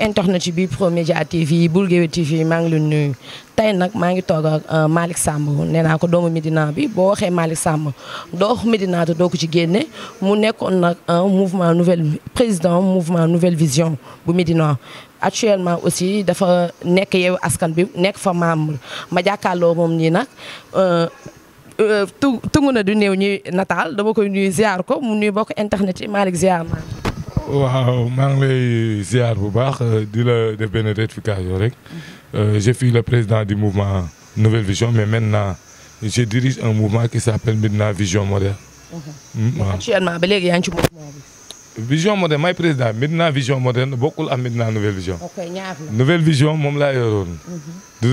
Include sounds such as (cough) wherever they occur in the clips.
internet ci biir Bprod Média TV Bour Gueweul TV maa ngi leen nuyu tey nag maa ngi toog ak euh, Malick sàmm nee naa ko doomu Médina bi boo waxee Malick sàmm doo wax Médina te doo ko ci génne mu nekkoon nag un mouvement nouvelle président mouvement nouvelle vision bu Médina actuellement aussi dafa nekk yeewu askan bi nekk fa membre ma jàkkaarloo moom nii nag euh, euh, tu tungu na du néew ñuy nataal dama koy nuyu ziar ko mu nuyu bokk internet yi Malick ziar ma waaw maa ngi bu baax euh, di la def benn rectification mhm. euh, je suis le président du mouvement Nouvelle Vision mais maintenant je dirige un mouvement qui s'appelle Midna Vision Moderne. Mhm. Mhm, waaw may président Midna Vision Moderne bokkul ak Midna Nouvelle Vision. ok ñaar la moom laa yoroon. du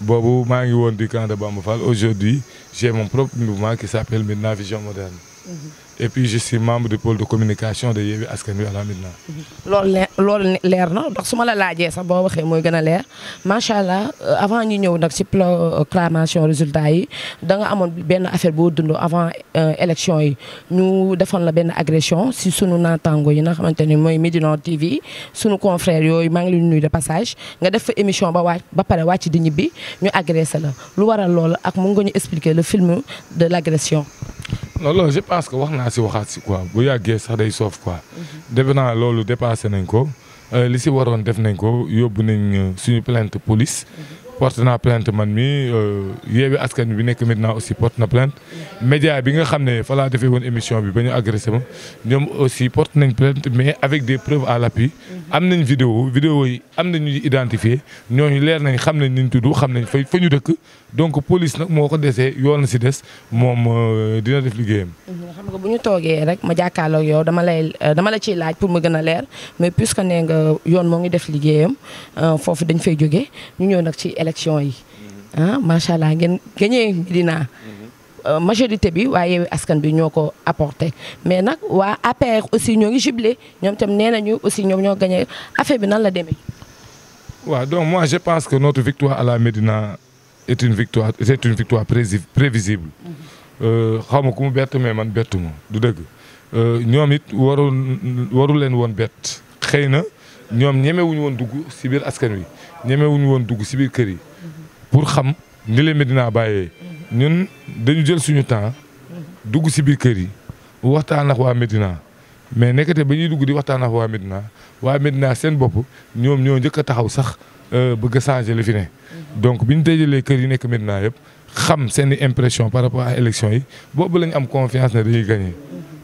boobu maa ngi woon du camp de Bamba Fall aujourd'hui j'ai mon propre mouvement qui s'appelle Médina Vision Moderne mm-hmm. et puis je de communication de Yewwi Askan Wi à mm-hmm. leer na ndax su ma la laajee sax boo waxee mooy gën a leer macha allah euh, avant ñi ñëw nag ci proclamation euh, résultat yi da nga amoon benn affaire boo dund avant euh, élection yi ñu defoon la benn agression si sunu naataango yi na xamante ni mooy Médina TV sunu confrère yooyu maa ngi leen nuyu de passage nga def fa émission ba waaj ba pare wàcc di ñibbi ñu agressé la lu waral loolu ak mun nga ñu expliquer le film de l' agression. non loolu je pense que wax naa si waxaat si quoi bu yàggee sax day soof quoi. Mhm. defe naa loolu dépassé nañ ko euh, li si waroon def nañ ko yóbbu nañ euh, suñu plainte police. Mhm. porte naa plainte man bi euh, yeewi askan bi nekk maintenant aussi porte na plainte média bi nga xam ne fa defee woon émission bi ba ñu ñoom aussi porte nañ plainte mais avec des preuves à l'appui mhm. am nañ vidéo vidéo yi am nañ ñu identifié ñooñu leer nañ xam nañ niñ tudd xam nañ ñu dëkk donc police nag moo ko desee yoon na si des moom euh, dina def liggéeyam. Mhm. xam nga bu ñu toogee rek ma euh, la ciy a leer mais puisque nee nga yoon moo ngi def liggéeyam foofu dañ fay jógee ñu ñëw nag ci élection yi ah macha allah ngeen gagné Médina euh, majorité bi waa Yewwi Askan bi ñoo ko apporté mais nag waa APR aussi ñoo ngi jublé ñoom itam nee nañu aussi ñoom ñoo gagné affaire bi nan la demee. waaw donc moi je pense que notre victoire à la Médina est une victoire c'est une victoire prévisible. Mm-hmm. Euh, xaw ma ku mu bett mais man bettu ma du dëgg euh, ñoom it waru leen woon bett xëy na ñoom ñemewuñu woon dugg si biir askan wi. ñemewuñu woon dugg si biir kër yi pour xam ni leen Médina Baye ñun dañu jël suñu temps dugg si biir kër yi waxtaan ak waa Médina mais nekkate ba ñuy dugg di waxtaan ak waa Médina waa Médina seen bopp ñoom ñoo njëkk a taxaw sax euh, bëgg a changer li fi ne. donc bi ñu tëjalee kër yi nekk Médina yëpp xam seen impression par rapport à élection yi boobu la ñu am confiance ne dañuy gagné.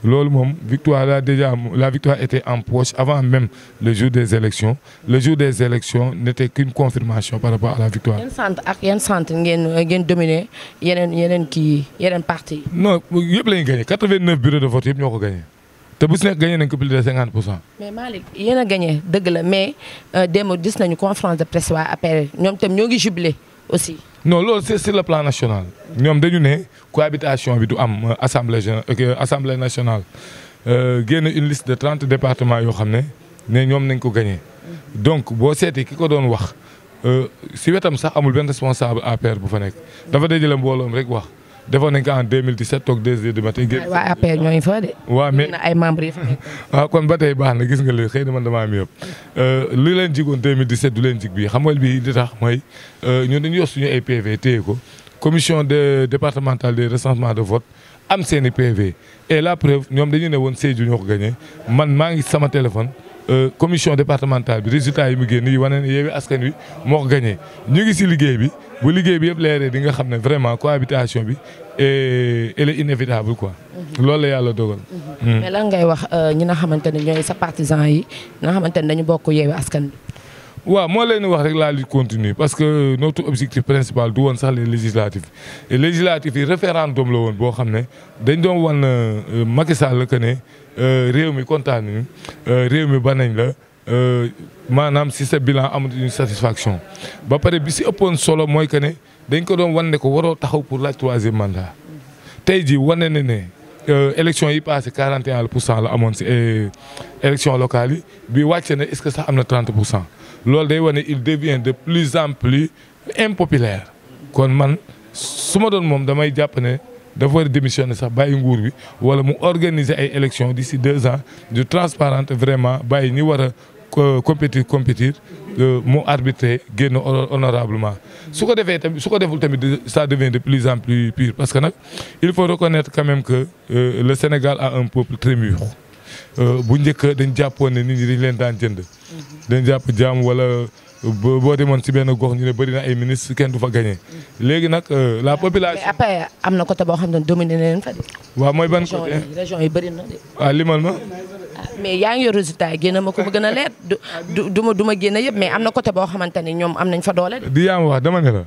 loolu moom victoire la déjà la victoire était en poche avant même le jour des élections le jour des élections n'était qu'une confirmation par rapport à la victoire. yan centre ak yan centre ngeen ngeen dominer yeneen yeneen kii yeneen parti non yëpp la ñu gagné 89 bureaux de vote yëpp ñoo ko gagné te bu si nekk gagné nañ ko plus de 50 pour cent. mais Malick yéen a gagné dëgg la mais euh, démb gis nañu conférence de presse waa ñoom itam ñoo ngi jubilé aussi. non loolu c'est sur le plan national ñoom dañu ne cohabitation bi du am assemblée générale assemblée nationale euh, génn une liste de trente départements yoo xam ne ne ñoom nañ ko gagné. donc boo seetee ki ko doon wax euh, si wetam sax amul benn responsable APR bu fa nekk dafa dajale mbooloom rek wax. defoon nañ ko en 2017 toog 2 heures du matin. génn waa APR ñooñu fa de. waaw mais na (laughs) ah, kon ba tey baax na gis nga li xëy na man damaa am yëpp li leen jigoon 2017 du leen jig bii xam nga bii li tax mooy euh, ñun dañu yor suñu ay PV téye ko commission de départementale de recensements de vote am seen i PV et la preuve ñoom dañu ne woon Sédhiou ñoo ko gagné man maa ngi sama téléphone. Euh, commission départementale bi résultat yi mu génn yi wane ne Yewwi Askan Wi moo ko gagné ñu ngi si liggéey bi. bu liggéey bi yëpp leeree di nga xam ne vraiment cohabitation bi eh, elle est inévitable quoi. Mhm. loolu la yàlla dogal. Mhm. Mm. mais lan ngay wax euh, ñi na xamante ne ñooy sa partisans yi nga xamante dañu bokk yeewi askan waaw moo leen wax rek la lutte continue parce que notre objectif principal du woon sax les législatives et législatives yi référendum la woon boo xam ne dañ doon wan euh, Macky Sall que ne euh, réew mi kontaan nañu réew mi ba nañ la. Euh, maanaam si sa bilan amul une satisfaction ba pare bi si ëppoon solo mooy que ne dañ ko doon wan ne ko waroo taxaw pour laaj troisième mandat tey jii wane na ne euh, élection yi passé quarante et pour cent la amoon si euh, élection locale yi bi wàcce na est-ce que sax am na trente pour cent loolu day wane il devient de plus en plus impopulaire kon man su ma doon moom damay jàpp ne dafa war a démissionner sax bàyyi nguur bi wala mu organiser ay élection d'ici deux ans du transparente vraiment bàyyi ñi war a compétir compétir mu arbitré génn honorablement su ko defee tamit su ko deful tamit ça devient de plus en plus pur parce que nag il faut reconnaître quand même que euh, le Sénégal a un peuple très euh, bu njëkk dañ jàppoon ne nit ñi dañ leen daan jënd mhm. dañ jàpp jaam wala euh, boo demoon si benn gox ñu ne bëri na ay ministre kenn du fa gagné mhm. léegi nag la ah, population. mais après am na côté boo xam ne dominé na fa de. waaw mooy ban na de. Ah, limal ma. mais yaa ngi yor résultat yi génn ma ko ma gën a leer du du ma du ma génn yëpp mais am na côté boo xamante ni ñoom am nañ fa doole de. di yaa ma wax dama ne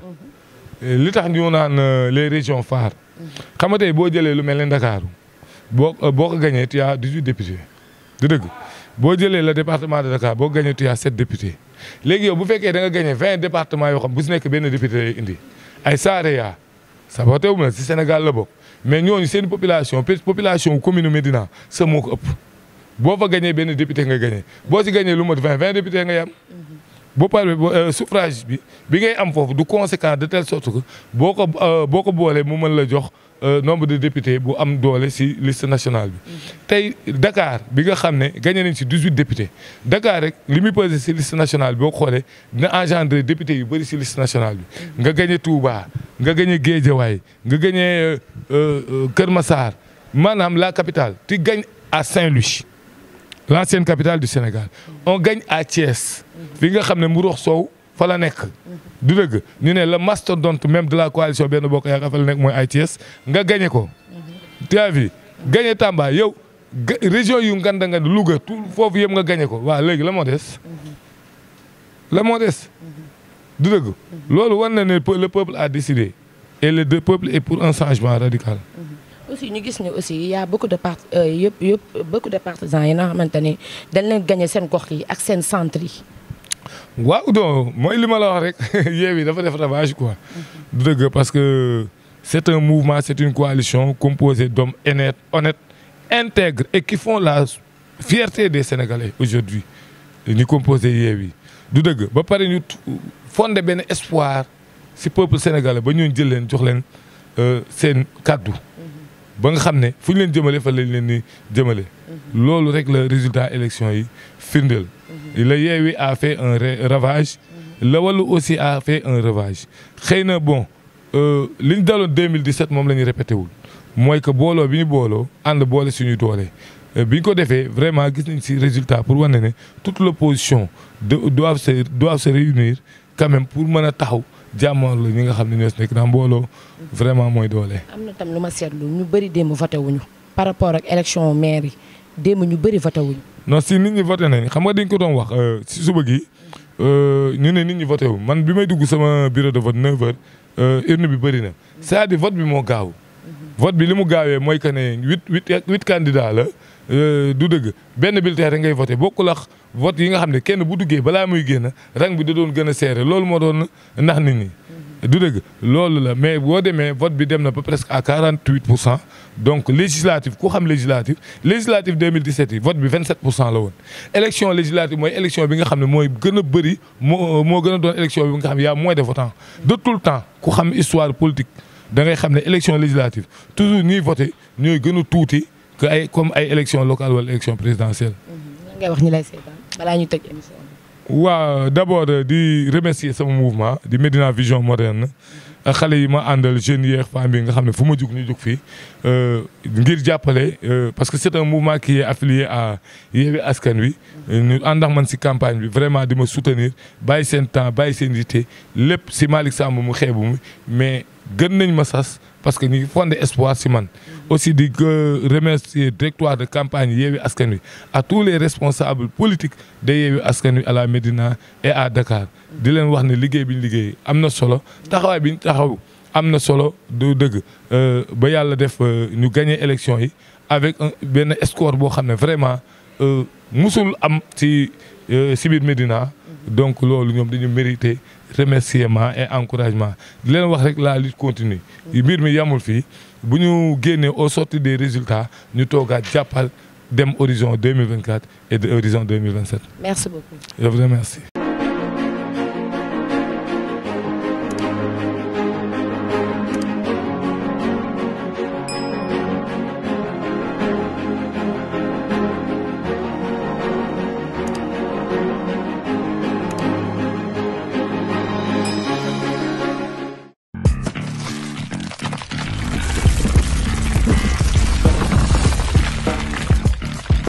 li tax ñu naan euh, les régions phares xam nga boo jëlee lu mel ne Ndakaaru boo euh, boo ko gagné tu as 18 députés du dëgg boo jëlee le département de Dakar boo gagné tu as 7 députés léegi yow bu fekkee da nga gagné département départements yoo xam bu si nekk benn député indi ay Sareya saboté wu ma si Sénégal la mais ñooñu seen population population commune Médina moo ko ëpp. boo fa gagné benn député nga gagné boo si gagné lu mot vingt vingt député nga yam boo paree euh, suffrage bi bi ngay am foofu du conséquent de telle sorte boo ko euh, boo ko boolee mu mën la jox euh, nombre de députés boo am doole si liste nationale bi. tey dakaar bi nga xam ne gagné nañ si dix huit député Dakar rek li muy pesé si liste nationale bi boo xoolee dina engendré députés yu bëri si liste nationale bi. nga gagné Touba nga gagné Guédiawaye nga gagné Kër Massar maanaam la capitale tu gagnes à saint l'ancienne capitale du Sénégal on gagne à Thiès fi nga xam ne mu rox soow fa la nekk du dëgg ñu ne la mastodonte même de la coalition benn bokk yaakaar fa la nekk mooy ay Thiès nga gañe ko tia vi gañe Tamba yow région yu nganda ngand Louga tout foofu yëpp nga gañe ko waa léegi la moo des la moo des du dëgg loolu war na ne le peuple a décidé et le peuple est pour en changement radical aussi ñu gis ne aussi y' a beaucoup de part euh, yëpp yëpp beaucoup de partisans yi nga xamante ni dañ leen gagné seen gox yi ak seen centre waaw donc mooy li ma la wax rek (laughs) yi dafa def ravage quoi. du dëgg parce que c' est un mouvement c' est une coalition composée d' hommes honnêtes honnêtes intègres et qui font la fierté des Sénégalais aujourd'hui ñu composé yi du dëgg ba pare ñu fondé benn espoir si peuple sénégalais ba ñu jël leen jox leen euh, seen kaddu ba nga xam ne fu ñu leen jëmale fa lañ leen ni jëmale mhm. loolu rek la résultat élection yi firndeel mhm. la Yewwi a fait un ravage mhm. la Wallu aussi a fait un revage xëy na bon euh, li ñu daloon 2017 moom la ñu répété wul mooy que booloo bi ñu booloo ànd boole suñu doole euh, bi ñu ko defee vraiment gis nañ si résultat pour wane ne toute l'opposition doivent se doivent se réunir quand même pour mën a taxaw jàmmarlu ñi nga xam ne ñoo si nekk ndax mbooloo vraiment mooy doole. am na tam lu ma seetlu ñu bëri démb voté wuñu par rapport ak élection maire yi démb ñu bëri voté wuñu. non si nit ñi voté nañ xam nga dañ ko doon wax euh, si suba gi euh, ñu ne nit ñi voté wu man bi may dugg sama bureau de vote 9h euh, urne bi bëri na mm-hmm. cest à vote bi moo gaaw. Mm-hmm. vote bi li mu gaawee mooy que ne huit huit huit candidats la. Euh, du dëgg benn bulletin rek ngay voté boo ak vote yi nga xam ne kenn bu duggee balaa muy génn rang bi da doon gën a serré loolu moo doon nax nit ñi. du dëgg loolu la mais boo demee vote bi dem na ba presque à 48 pour cent donc législative ku xam législative législative 2017 yi vote bi 27 pour cent la woon. élection législative mooy élection bi nga xam ne mooy gën a bëri moo moo doon élection bi nga xam ne y'a moins de votants de tout le temps ku xam histoire politique da ngay xam ne élection législative toujours tuuti. que ay comme ay élection locale wala élection présidentielle. lan waaw d' abord di remercier sama mouvement di Médina Vision Moderne ak xale yi ma àndal jeunes yeex femmes yi nga xam ne fu ma jug ñu jug fii euh, ngir jàppale euh, parce que c' est un mouvement ki est affilié à Yewwi Askan Wi. ñu ànd ak man si campagne bi vraiment di ma soutenir bàyyi seen temps bàyyi seen yitte lépp si Malick Samb mu xeebu mi mais gën nañ ma sas parce que ñu ngi espoir si man. aussi di remercier directoire de campagne Yewwi Askan Wi à tous les responsables politiques de Yewwi Askan Wi à la Médina et à Dakar di leen wax ne liggéey bi ñu liggéey am na solo taxawaay bi ñu taxaw am na solo du dëgg euh, ba yàlla def euh, ñu gagné élection yi avec benn score boo xam ne vraiment. Euh, musul am ci si euh, biir Médina mhm. donc loolu ñoom dañu mérité remerciement et encouragement di leen wax rek la lutte continue mhm. mbir mi yamul fii bu ñu génnee au sorti des résultat ñu toogaat jàppal dem horizon 2024 et de horizon 2027. merci beaucoup. je vous remercie.